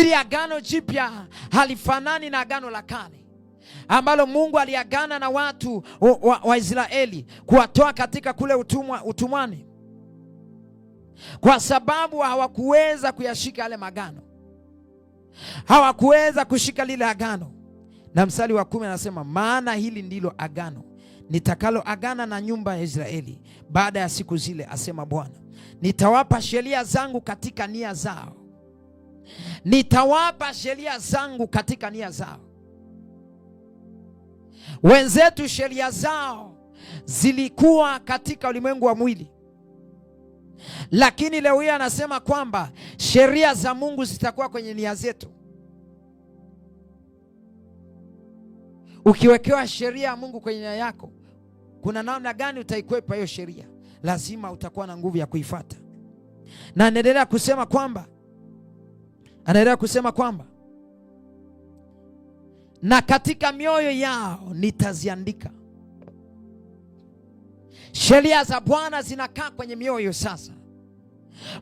Ili agano jipya halifanani na agano la kale ambalo Mungu aliagana na watu wa, wa, israeli kuwatoa katika kule utumwa, utumwani kwa sababu hawakuweza kuyashika yale magano, hawakuweza kushika lile agano. Na mstari wa kumi anasema, maana hili ndilo agano nitakalo agana na nyumba ya Israeli baada ya siku zile, asema Bwana, nitawapa sheria zangu katika nia zao nitawapa sheria zangu katika nia zao. Wenzetu sheria zao zilikuwa katika ulimwengu wa mwili, lakini leo hii anasema kwamba sheria za Mungu zitakuwa kwenye nia zetu. Ukiwekewa sheria ya Mungu kwenye nia yako, kuna namna gani utaikwepa hiyo sheria? Lazima utakuwa na nguvu ya kuifata na naendelea kusema kwamba Anaendelea kusema kwamba na katika mioyo yao nitaziandika sheria za Bwana. Zinakaa kwenye mioyo sasa.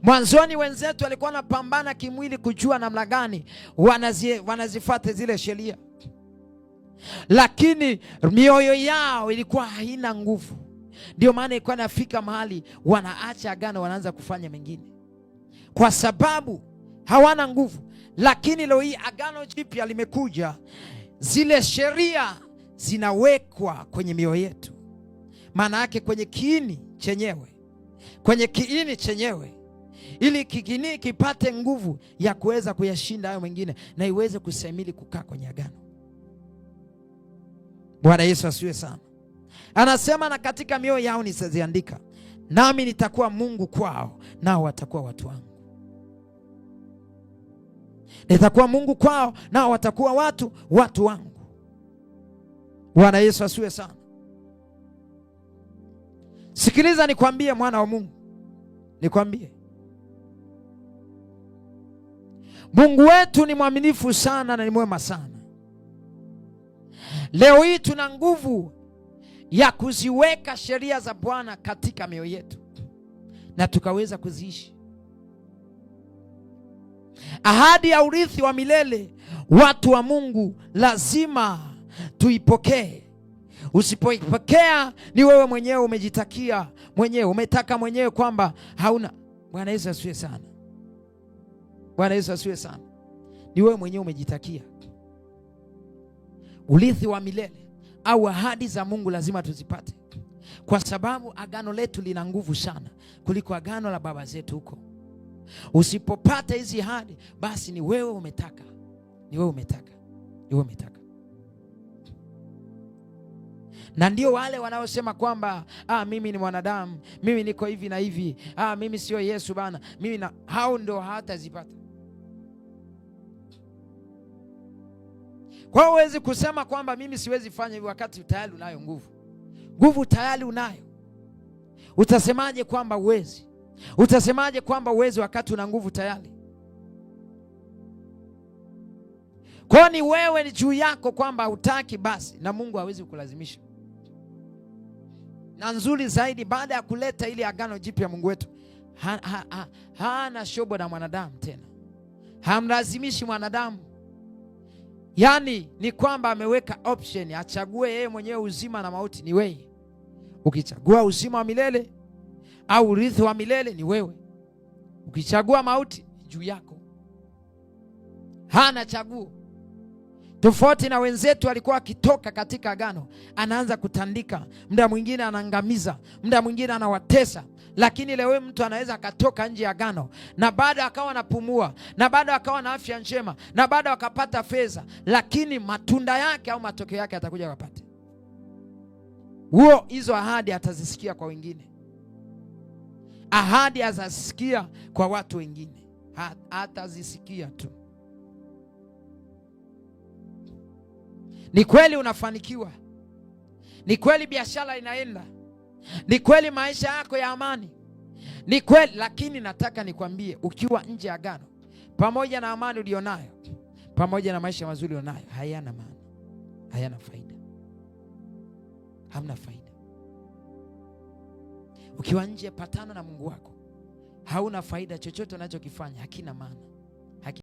Mwanzoni wenzetu walikuwa wanapambana kimwili kujua namna gani wanazi, wanazifuata zile sheria, lakini mioyo yao ilikuwa haina nguvu. Ndio maana ilikuwa inafika mahali wanaacha agano, wanaanza kufanya mengine kwa sababu hawana nguvu. Lakini leo hii agano jipya limekuja, zile sheria zinawekwa kwenye mioyo yetu, maana yake kwenye kiini chenyewe, kwenye kiini chenyewe, ili kiini kipate nguvu ya kuweza kuyashinda hayo mengine na iweze kusemili kukaa kwenye agano. Bwana Yesu asiwe sana. Anasema, na katika mioyo yao nitaziandika, nami nitakuwa Mungu kwao, nao watakuwa watu wangu nitakuwa Mungu kwao, nao watakuwa watu watu wangu. Bwana Yesu asiwe sana. Sikiliza nikwambie, mwana wa Mungu, nikwambie Mungu wetu ni mwaminifu sana na ni mwema sana. Leo hii tuna nguvu ya kuziweka sheria za Bwana katika mioyo yetu na tukaweza kuziishi. Ahadi ya urithi wa milele, watu wa Mungu lazima tuipokee. Usipoipokea ni wewe mwenyewe umejitakia mwenyewe, umetaka mwenyewe kwamba hauna. Bwana Yesu asiwe sana. Bwana Yesu asiwe sana. Ni wewe mwenyewe umejitakia urithi wa milele au ahadi za Mungu lazima tuzipate, kwa sababu agano letu lina nguvu sana kuliko agano la baba zetu huko Usipopata hizi hadi basi ni wewe umetaka, ni wewe umetaka, ni wewe umetaka. Na ndio wale wanaosema kwamba ah, mimi ni mwanadamu, mimi niko hivi na hivi, ah, mimi sio Yesu bana, mimi na hao ndo hawatazipata. Kwa uwezi huwezi kusema kwamba mimi siwezi fanya hivi, wakati tayari unayo nguvu, nguvu tayari unayo. Utasemaje kwamba uwezi Utasemaje kwamba uwezi wakati una nguvu tayari? Kwa ni wewe ni juu yako kwamba hutaki basi, na Mungu hawezi kukulazimisha. Na nzuri zaidi, baada ya kuleta ile agano jipya, Mungu wetu hana ha, ha, ha, shobo na mwanadamu tena, hamlazimishi mwanadamu. Yaani ni kwamba ameweka option achague yeye mwenyewe uzima na mauti. Ni wewe ukichagua uzima wa milele au urithi wa milele ni wewe. Ukichagua mauti, juu yako, hana chaguo. Tofauti na wenzetu alikuwa akitoka katika agano, anaanza kutandika, muda mwingine anaangamiza, muda mwingine anawatesa. Lakini leo mtu anaweza akatoka nje ya agano na bado akawa anapumua na bado akawa na afya njema na bado akapata fedha, lakini matunda yake au matokeo yake atakuja kupata huo. Hizo ahadi atazisikia kwa wengine ahadi azasikia kwa watu wengine, hatazisikia tu. Ni kweli unafanikiwa, ni kweli biashara inaenda, ni kweli maisha yako ya amani, ni kweli lakini, nataka nikwambie, ukiwa nje ya agano, pamoja na amani ulionayo, pamoja na maisha mazuri ulionayo, hayana maana, hayana faida, hamna faida. Ukiwa nje, patana na Mungu wako, hauna faida. Chochote unachokifanya hakina maana.